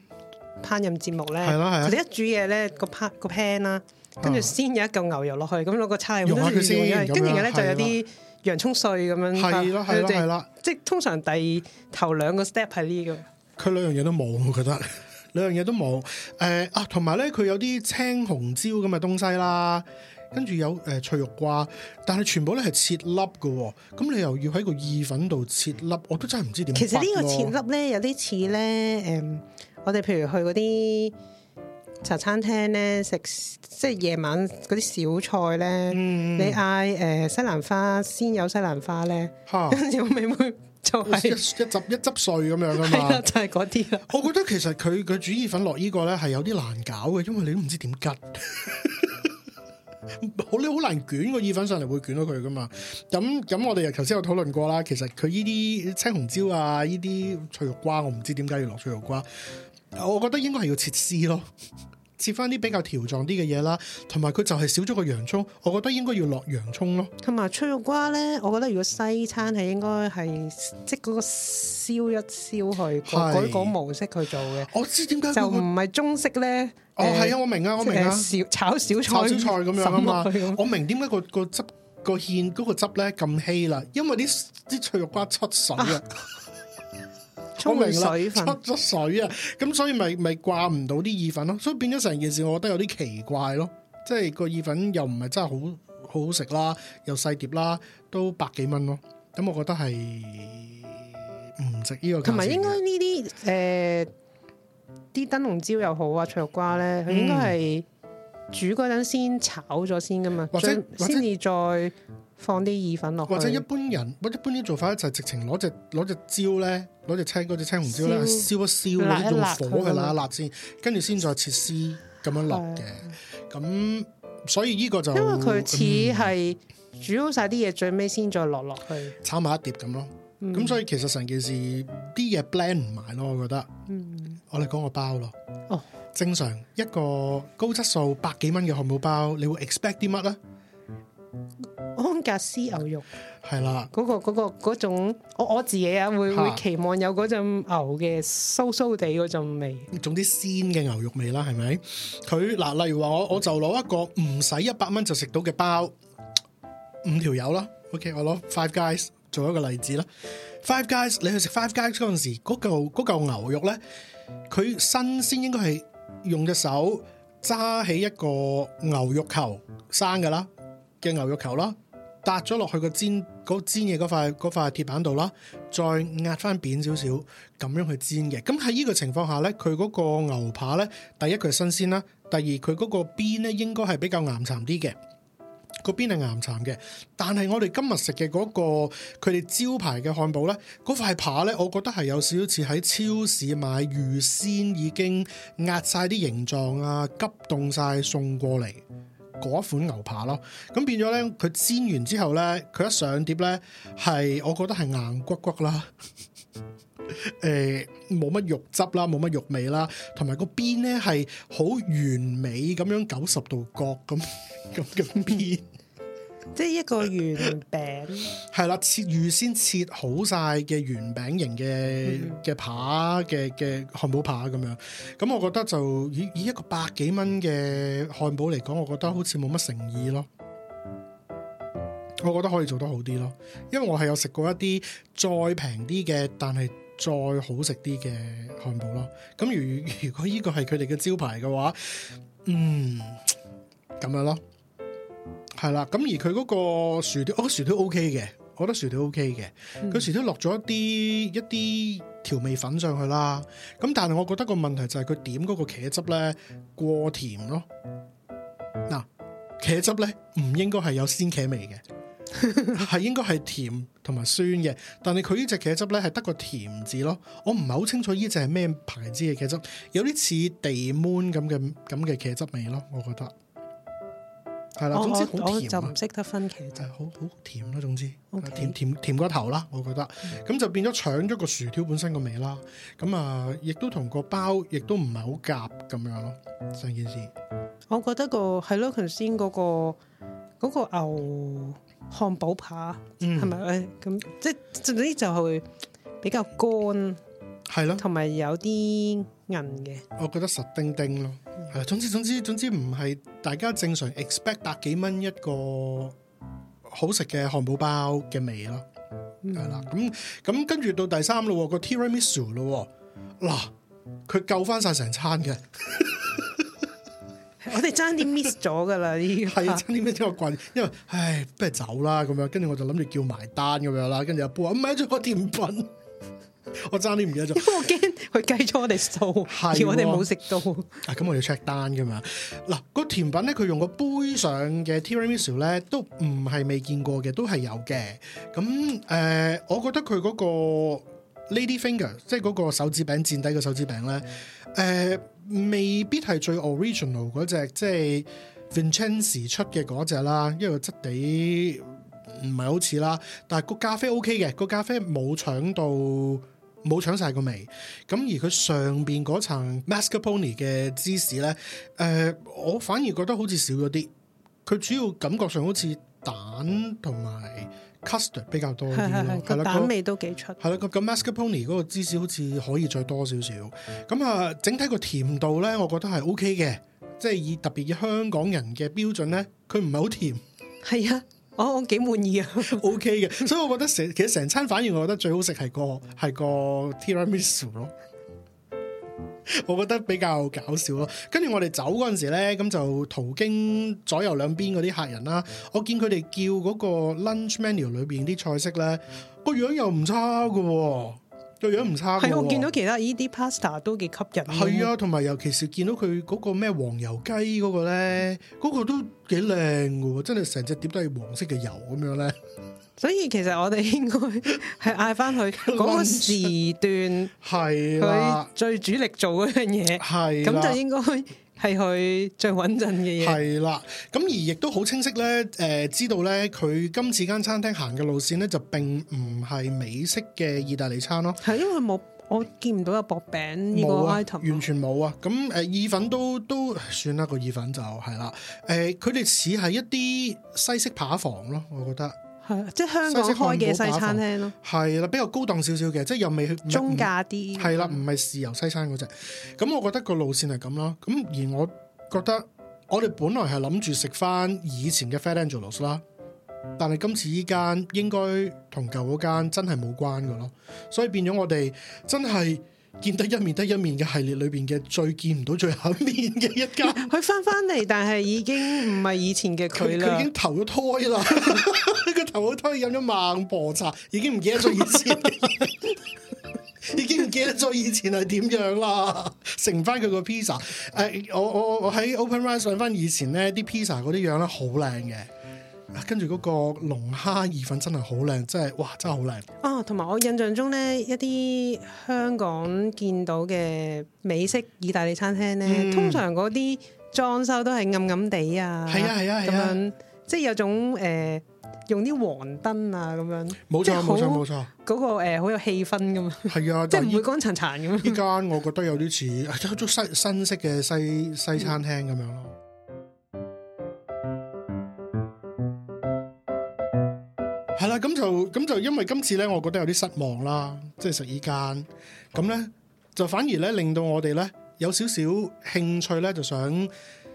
烹飪節目咧，係啦係啦，佢一煮嘢咧個 pan 個 pan 啦，跟住先有一嚿牛油落去，咁攞個叉嚟搣，跟住咧就有啲洋蔥碎咁樣，係啦係啦係啦，即係通常第頭兩個 step 係呢個。佢兩樣嘢都冇，我覺得。兩樣嘢都冇，誒、哎、啊！同埋咧，佢有啲青紅椒咁嘅東西啦，跟住有誒翠玉瓜，但係全部咧係切粒嘅，咁你又要喺個意粉度切粒，我都真係唔知點。其實呢個切粒咧，有啲似咧誒，我哋譬如去嗰啲茶餐廳咧食，即係夜晚嗰啲小菜咧，嗯、你嗌誒、呃、西蘭花，先有西蘭花咧，有冇哈？ 就係、是、一一汁一,一汁碎咁樣啊嘛，係、 啊、就係嗰啲啦。我覺得其實佢佢煮意粉落依個咧係有啲難搞嘅，因為你都唔知點吉，好你好難捲個意粉上嚟會捲到佢噶嘛。咁咁我哋又頭先有討論過啦，其實佢依啲青紅椒啊，依啲翠玉瓜，我唔知點解要落翠玉瓜，我覺得應該係要切絲咯。切翻啲比較條狀啲嘅嘢啦，同埋佢就係少咗個洋葱，我覺得應該要落洋葱咯。同埋脆肉瓜咧，我覺得如果西餐係應該係即嗰個燒一燒去改改係個模式去做嘅。我知點解、嗰個、就唔係中式咧？哦，係、欸、啊，我明啊，我明啊，小炒小菜炒小菜咁樣啊嘛。我明點解、嗰個汁嗰汁嗰個汁個芡嗰個汁咧咁稀啦，因為啲啲脆肉瓜出水啊。 我明啦，水分出咗水啊，咁所以咪咪掛唔到啲意粉咯，啊，所以變咗成件事，我覺得有啲奇怪咯。即係個意粉又唔係真係好好食啦，又細碟啦，都百幾蚊咯。咁我覺得係唔值呢個價。同埋應該呢啲誒，啲燈籠椒又好啊，脆肉瓜咧，佢應該係煮嗰陣先炒咗先噶嘛或，或者先至再。放啲意粉落去，或者一般人，我一般啲做法咧就係直情攞隻攞隻椒咧，攞隻青嗰隻青紅椒咧，燒一燒，用火去揦一揦先，跟住先再切絲咁樣落嘅。咁所以呢個就因為佢似係煮好晒啲嘢，最尾先再落落去炒埋一碟咁咯。咁所以其實成件事啲嘢 blend 唔埋咯，我覺得。我哋講個包咯。哦，正常一個高質素百幾蚊嘅漢堡包，你會 expect 啲乜咧？安格斯牛肉係、啊、啦，嗰、嗰個嗰、嗰個、嗰個、種，我我自己啊，會會期望有嗰陣牛嘅酥酥地嗰陣味，總之鮮嘅牛肉味啦，係咪？佢嗱，例如話我我就攞一個唔使一百蚊就食到嘅包，五條友啦，OK，我攞 Five Guys 做一個例子啦。Five Guys，你去食 Five Guys 嗰陣時，嗰嚿牛肉咧，佢新鮮應該係用隻手揸起一個牛肉球生㗎啦嘅牛肉球啦。搭咗落去煎、嗰個煎煎嘢嗰塊嗰塊鐵板度啦，再壓翻扁少少，咁樣去煎嘅。咁喺呢個情況下呢，佢嗰個牛扒呢，第一佢係新鮮啦，第二佢嗰個邊咧應該係比較岩巉啲嘅，個邊係岩巉嘅。但係我哋今日食嘅嗰個佢哋招牌嘅漢堡呢，嗰塊扒呢我覺得係有少少似喺超市買預先已經壓晒啲形狀啊，急凍晒送過嚟。嗰款牛排咯，咁變咗咧，佢煎完之後咧，佢一上碟咧，係我覺得係硬骨骨啦，誒冇乜肉汁啦，冇乜肉味啦，同埋個邊咧係好完美咁樣九十度角咁咁咁邊。 即係一個圓餅，係啦， 切預先切好晒嘅圓餅形嘅、嘅扒、嘅嘅漢堡扒咁樣，咁我覺得就以以一個百幾蚊嘅漢堡嚟講，我覺得好似冇乜誠意咯。我覺得可以做得好啲咯，因為我係有食過一啲再平啲嘅，但係再好食啲嘅漢堡咯。咁如如果呢個係佢哋嘅招牌嘅話，嗯，咁樣咯。係啦，咁而佢嗰個薯條，我、哦、薯條 OK 嘅，我覺得薯條 OK 嘅，佢、嗯、薯條落咗一啲一啲調味粉上去啦。咁但係我覺得個問題就係佢點嗰個茄汁咧過甜咯。嗱，茄汁咧唔應該係有鮮茄味嘅，係 應該係甜同埋酸嘅。但係佢呢隻茄汁咧係得個甜字咯。我唔係好清楚呢隻係咩牌子嘅茄汁，有啲似地 mon 咁嘅咁嘅茄汁味咯，我覺得。係啦，總之好甜、啊。就唔識得分歧。係、嗯、好好甜啦、啊，總之。Okay. 甜甜甜過頭啦，我覺得。咁、嗯、就變咗搶咗個薯條本身個味啦。咁啊，亦都同個包亦都唔係好夾咁樣咯，成件事。我覺得個係咯，頭先嗰個嗰、那個牛漢堡扒，係咪、嗯？咁、哎、即係總之就係會比較乾，係咯的，同埋有啲韌嘅。我覺得實叮叮咯。誒，總之總之總之唔係大家正常 expect 百幾蚊一個好食嘅漢堡包嘅味咯，係啦、嗯，咁咁、嗯、跟住到第三嘞，個 Tiramisu 嘞，嗱，佢救翻晒成餐嘅， 我哋爭啲 miss 咗噶啦。呢個係啊，爭啲 miss 個棍，因為唉，不如走啦咁樣，跟住我就諗住叫埋單咁樣啦，跟住又，Boo 話唔係咗我甜品。我爭啲唔記得咗，因為我驚佢計咗我哋數， 啊、而我哋冇食到。啊，咁我要 check 單㗎嘛？嗱，個甜品咧，佢用個杯上嘅 Tiramisu 咧，都唔係未見過嘅，都係有嘅。咁誒、呃，我覺得佢嗰個 Lady Finger，即係嗰個手指餅，墊底個手指餅咧，誒、呃，未必係最 original 嗰隻，即係 Vincenzi 出嘅嗰隻啦，因為質地唔係好似啦。但係個咖啡 OK 嘅，個咖啡冇搶到。冇搶晒個味，咁而佢上邊嗰層 mascarpone 嘅芝士咧，誒、呃，我反而覺得好似少咗啲。佢主要感覺上好似蛋同埋 custard 比較多啲咯。係個的它蛋味都幾出。係啦，咁 mascarpone 嗰個芝士好似可以再多少少。咁、嗯、啊，嗯、整體個甜度咧，我覺得係 O K 嘅，即係以特別以香港人嘅標準咧，佢唔係好甜。係啊。我、哦、我幾滿意啊，OK 嘅，所以我覺得成其實成餐反而我覺得最好食係個係個 Tiramisu 咯， 我覺得比較搞笑咯。跟住我哋走嗰陣時咧，咁就途經左右兩邊嗰啲客人啦，我見佢哋叫嗰個 lunch menu 裏邊啲菜式咧，個樣又唔差㗎喎。個樣唔差嘅，係我見到其他依啲 pasta 都幾吸引。係啊，同埋尤其是見到佢嗰個咩黃油雞嗰個咧，嗰個都幾靚嘅，真係成隻碟都係黃色嘅油咁樣咧。所以其實我哋應該係嗌翻佢嗰個時段，係佢最主力做嗰 樣嘢，係咁就應該。係佢最穩陣嘅嘢。係啦，咁而亦都好清晰咧，誒、呃、知道咧，佢今次間餐廳行嘅路線咧，就並唔係美式嘅意大利餐咯。係因為冇，我見唔到有薄餅呢個 item、啊、完全冇啊！咁誒意粉都都算啦，個意粉就係啦。誒佢哋似係一啲西式扒房咯，我覺得。 即係香港開嘅西餐廳咯。係啦，比較高檔少少嘅，即係又未去中價啲。係啦，唔係豉油西餐嗰隻。咁、嗯、我覺得個路線係咁啦。咁而我覺得我哋本來係諗住食返以前嘅 Fat Angelo's 啦，但係今次依間應該同舊嗰間真係冇關㗎咯。所以變咗我哋真係，見得一面得一面嘅系列裏邊嘅最見唔到最後面嘅一家，佢翻翻嚟，但係已經唔係以前嘅佢啦。佢已經投咗胎啦，個投胎，飲咗孟婆茶，已經唔記得咗以前， 已經唔記得咗以前係點樣啦。剩返佢個 pizza，誒，我我我喺 open rice 上翻以前咧，啲 pizza 嗰啲樣咧好靚嘅。跟住嗰個龍蝦意粉真係好靚，真係嘩，真係好靚！哦，同埋我印象中咧，一啲香港見到嘅美式意大利餐廳咧，嗯、通常嗰啲裝修都係暗暗地啊，係啊係啊咁、啊啊、樣，即係有種誒、呃、用啲黃燈啊咁樣，冇錯冇錯冇錯，嗰錯個好有氣氛咁嘛，係啊， 即係唔會乾殘殘咁。依間我覺得有啲似執新新式嘅西西，西西餐廳咁樣咯。嗯係啦，咁就咁就因為今次咧，我覺得有啲失望啦，即係食呢間，咁咧就反而咧令到我哋咧有少少興趣咧，就想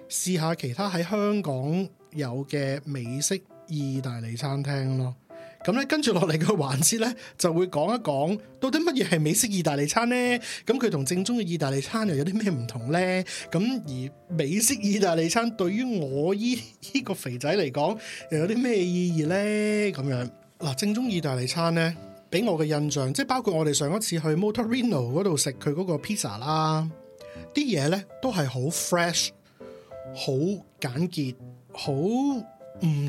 試下其他喺香港有嘅美式意大利餐廳咯。 嗯 咁咧，跟住落嚟個環節咧，就會講一講到底乜嘢係美式意大利餐咧？咁佢同正宗嘅意大利餐又有啲咩唔同咧？咁而美式意大利餐對於我依依個肥仔嚟講又有啲咩意義咧？咁樣嗱，正宗意大利餐咧，俾我嘅印象即係包括我哋上一次去 Motorino 嗰度食佢嗰個 pizza 啦，啲嘢咧都係好 fresh、好簡潔、好唔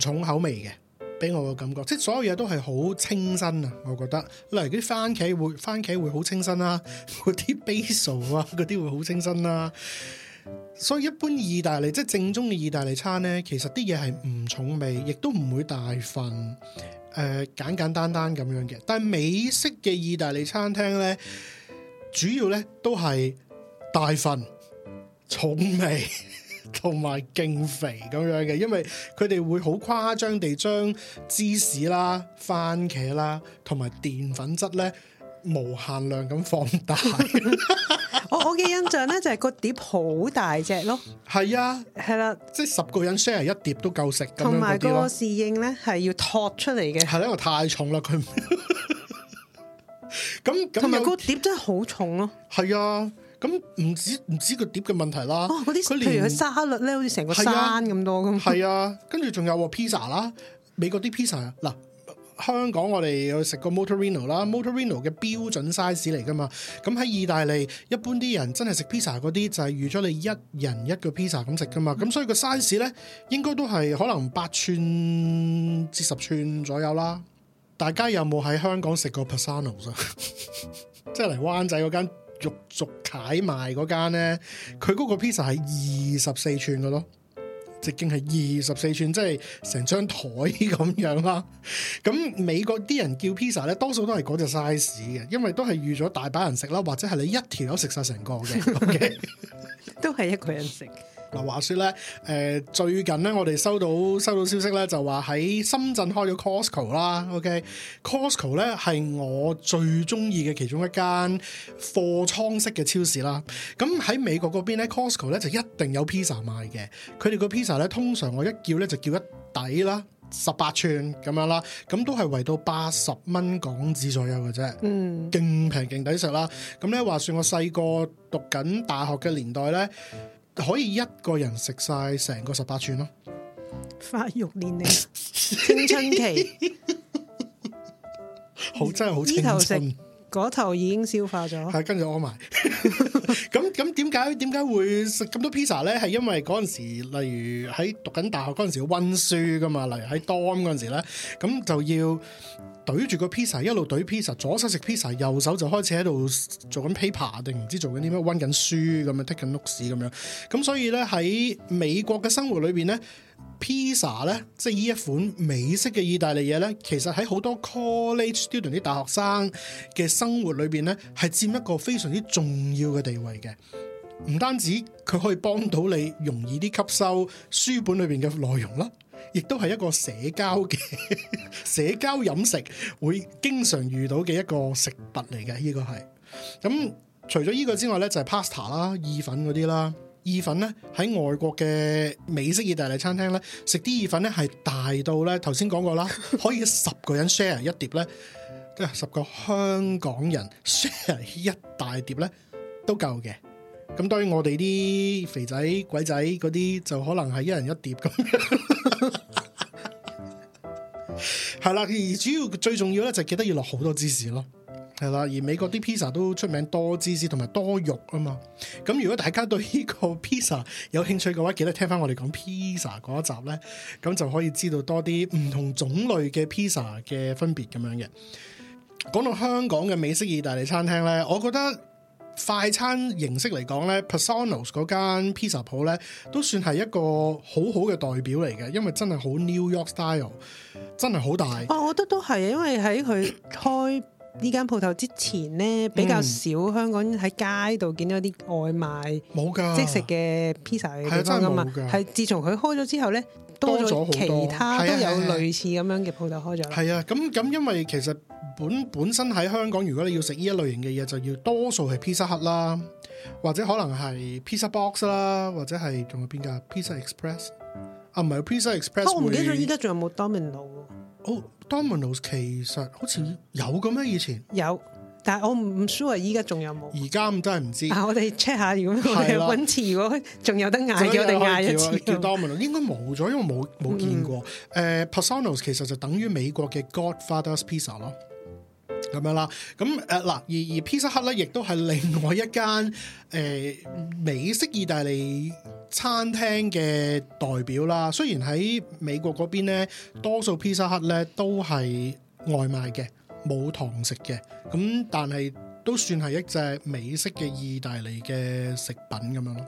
重口味嘅。俾我嘅感覺，即係所有嘢都係好清新啊！我覺得，例如啲番茄會番茄會好清新啦，嗰啲 basil 啊，嗰啲、啊、會好清新啦、啊。所以一般意大利即係正宗嘅意大利餐咧，其實啲嘢係唔重味，亦都唔會大份。誒、呃，簡簡單單咁樣嘅。但係美式嘅意大利餐廳咧，主要咧都係大份重味。同埋勁肥咁樣嘅，因為佢哋會好誇張地將芝士啦、番茄啦，同埋澱粉質咧，無限量咁放大。 我我嘅印象咧就係個碟好大隻咯，係啊，係啦、啊，即係十個人 share 一碟都夠食。同埋嗰個侍應咧係要托出嚟嘅，係、啊、因為太重啦佢。咁同埋個碟真係好重咯，係啊。咁唔止唔止個碟嘅問題啦，佢、哦、譬如佢沙律咧，好似成個山咁多咁。係啊，跟住仲有 pizza 啦，美國啲 pizza 嗱，香港我哋有食過 Motorino 啦 Motorino 嘅標準 size 嚟噶嘛。咁喺意大利，一般啲人真係食 pizza 嗰啲，就係預咗你一人一個 pizza 咁食噶嘛。咁、嗯、所以個 size 咧，應該都係可能八吋至十吋左右啦。大家有冇喺香港食過 Paisano's 啊？即係嚟灣仔嗰間。肉竹啓賣嗰間咧，佢嗰個 pizza 係二十四寸嘅咯，直徑係二十四寸，即係成張台咁樣啦。咁美國啲人叫 pizza 咧，多數都係嗰隻 size 嘅，因為都係預咗大把人食啦，或者係你一條都食晒成個嘅， 都係一個人食。嗱，話說咧，誒、呃，最近咧，我哋收到收到消息咧，就話喺深圳開咗 Costco 啦。OK，Costco 咧係我最中意嘅其中一間貨倉式嘅超市啦。咁喺美國嗰邊咧，Costco 咧就一定有 pizza 賣嘅。佢哋個 pizza 咧，通常我一叫咧就叫一底啦，十八寸咁樣啦，咁都係圍到八十蚊港紙左右嘅啫。嗯，勁平勁抵食啦。咁咧，話說我細個讀緊大學嘅年代咧。可以一個人食晒成個十八寸咯！發育年齡 青春期，好 真係好青春。嗰頭食，頭已經消化咗，係 跟住屙埋。咁咁點解？點解會食咁多披薩咧？係因為嗰陣時，例如喺讀緊大學嗰陣時要溫書噶嘛。例如喺 dorm 嗰陣時咧，咁就要。懟住個 pizza，一路懟 pizza，左手食 pizza，右手就開始喺度做緊 paper 定唔知做緊啲咩，溫緊書咁樣，take 緊 notes 咁樣。咁所以咧喺美國嘅生活裏邊咧，pizza 咧，即係呢一款美式嘅意大利嘢咧，其實喺好多 college student 啲大學生嘅生活裏邊咧，係佔一個非常之重要嘅地位嘅。唔單止佢可以幫到你容易啲吸收書本裏邊嘅內容啦。亦都係一個社交嘅社交飲食，會經常遇到嘅一個食物嚟嘅，呢、這個係。咁除咗呢個之外呢就係、是、pasta 啦，意粉嗰啲啦，意粉呢喺外國嘅美式意大利餐廳呢，食啲意粉呢係大到呢。頭先講過啦，可以十個人 share 一碟呢，即係 十個香港人 share 一大碟呢，都夠嘅。咁當然我哋啲肥仔、鬼仔嗰啲就可能係一人一碟咁樣，係啦。而主要最重要咧就記得要落好多芝士咯，係啦。而美國啲 pizza 都出名多芝士同埋多肉啊嘛。咁如果大家對呢個 pizza 有興趣嘅話，記得聽翻我哋講 pizza 嗰一集咧，咁就可以知道多啲唔同種類嘅 pizza 嘅分別咁樣嘅。講到香港嘅美式意大利餐廳咧，我覺得。快餐形式嚟講呢，Paisano's 嗰間 pizza 鋪呢，都算係一個好好嘅代表嚟嘅，因為真係好 New York style，真係好大。哦，我覺得都係，因為喺佢開呢間鋪頭之前呢， 嗯、比較少香港喺街度見到啲外賣冇的即食嘅 pizza 嘛，係的自從佢開咗之後咧。多咗好多其他都有類似咁樣嘅鋪頭開咗。係啊，咁咁、啊啊、因為其實本本身喺香港，如果你要食呢一類型嘅嘢，就要多數係 pizza hut 啦，或者可能係 pizza box 啦，或者係仲有邊架 pizza express 啊？唔係 pizza express 我。我唔記得咗依家仲有冇 domino。哦，domino 其實好似有嘅咩？以前有。但係我唔 sure 依家仲有冇？而家咁真係唔知。啊，我哋 check 下如果揾次，如果仲有得嗌嘅，我哋嗌一次叫。叫 Domino's 咯？應該冇咗，因為冇冇見過。誒 Pasanos、uh, 其實就等於美國嘅 Godfather’s Pizza 咯。咁樣啦，咁誒嗱，而而 Pizza Hut 咧，亦都係另外一間誒、呃、美式意大利餐廳嘅代表啦。雖然喺美國嗰邊咧，多數 Pizza Hut 咧都係外賣嘅。冇糖食嘅，咁但係都算係一隻美式嘅意大利嘅食品咁樣咯，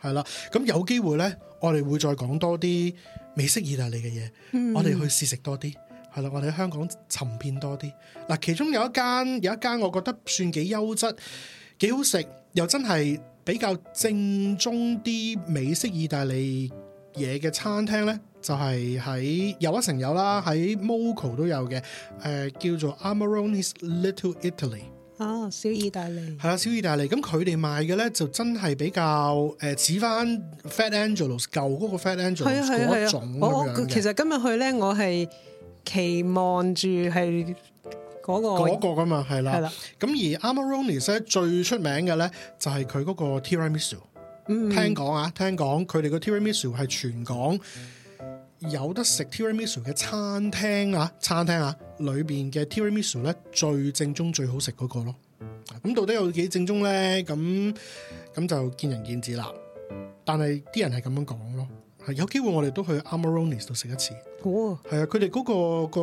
係啦。咁有機會呢，我哋會再講多啲美式意大利嘅嘢、嗯，我哋去試食多啲，係啦。我哋喺香港尋遍多啲。嗱，其中有一間有一間，我覺得算幾優質、幾好食，又真係比較正宗啲美式意大利嘢嘅餐廳呢。就係喺又一城有啦，喺 Moco 都有嘅，誒、呃、叫做 Amaroni's Little Italy。哦、啊，小意大利。係啦、啊，小意大利。咁佢哋賣嘅咧就真係比較誒似、呃、翻 Fat Angelo's 舊嗰個 Fat Angelo's 嗰、啊啊啊啊、一種咁樣嘅。其實今日去咧，我係期望住係嗰個嗰個㗎嘛，係啦。係啦。咁而 Amaroni's 咧最出名嘅咧就係佢嗰個 Tiramisu。嗯。聽講啊，聽講佢哋嘅 Tiramisu 係全港嗯有得食 Tiramisu 嘅餐廳啊，餐廳啊，裏邊嘅 Tiramisu 咧最正宗最好食嗰個咯。咁到底有幾正宗咧？咁咁就見仁見智啦。但係啲人係咁樣講咯。係，有機會我哋都去 Amaroni's 度食一次。係啊、哦，佢哋嗰個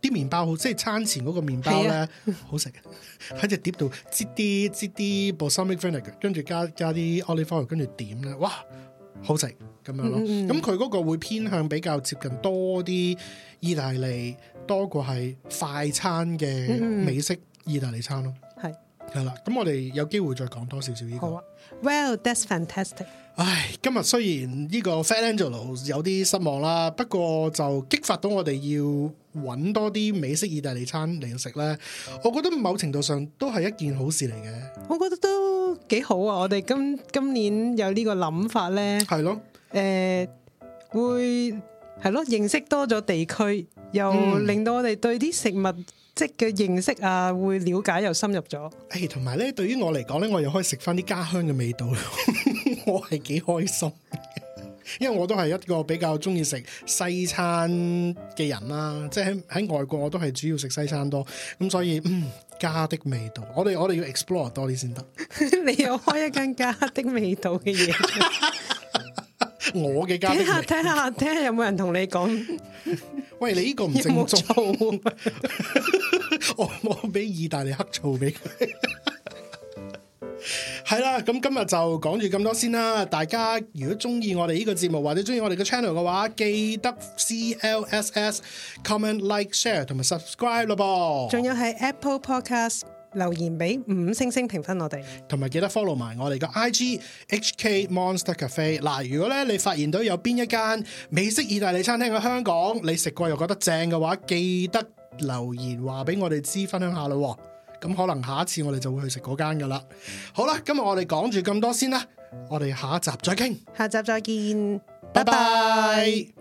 啲麵包好，即係餐前嗰個麵包咧、啊、好食吃。嘅。 喺隻碟度擠啲擠啲 balsamic vinegar 嚟嘅，跟住加加啲 olive oil，跟住點咧，哇！好食咁樣咯，咁佢嗰個會偏向比較接近多啲意大利，多過係快餐嘅美式意大利餐咯。係係啦，咁是我哋有機會再講多少少呢個好啊。Well, that's fantastic。唉，今日雖然呢個 Fat Angelo 有啲失望啦，不過就激發到我哋要搵多啲美式意大利餐嚟食咧。我覺得某程度上都係一件好事嚟嘅。我覺得都。幾好啊！我哋今今年有呢個諗法呢，係咯的，誒、呃，會係咯，認識多咗地區，又、嗯、令到我哋對啲食物即嘅認識啊，會了解又深入咗。誒、哎，同埋呢，對於我嚟講呢，我又可以食翻啲家鄉嘅味道咯， 我係幾開心。因為我都係一個比較中意食西餐嘅人啦，即係喺外國我都係主要食西餐多，咁所以嗯，家的味道，我哋我哋要 explore 多啲先得。 你又開一間家，家的味道嘅嘢？ 我嘅家的味道，睇下睇下睇下有冇人同你講？ 喂，你呢個唔正宗，我冇俾意大利黑醋俾佢。 係啦，咁 今日就講住咁多先啦。大家如果中意我哋呢個節目或者中意我哋個 channel 嘅話，記得 C L S S comment like share 同埋 subscribe 咯。仲有，喺 Apple Podcast 留言俾五星星評分我哋，同埋記得 follow 埋我哋個 I G H K Monster Cafe。嗱，如果咧你發現到有邊一間美式意大利餐廳喺香港，你食過又覺得正嘅話，記得留言話俾我哋知，分享下咯。咁可能下一次我哋就會去食嗰間㗎喇。好啦，今日我哋講住咁多先啦，我哋下一集再傾。下集再見，拜拜 bye。Bye bye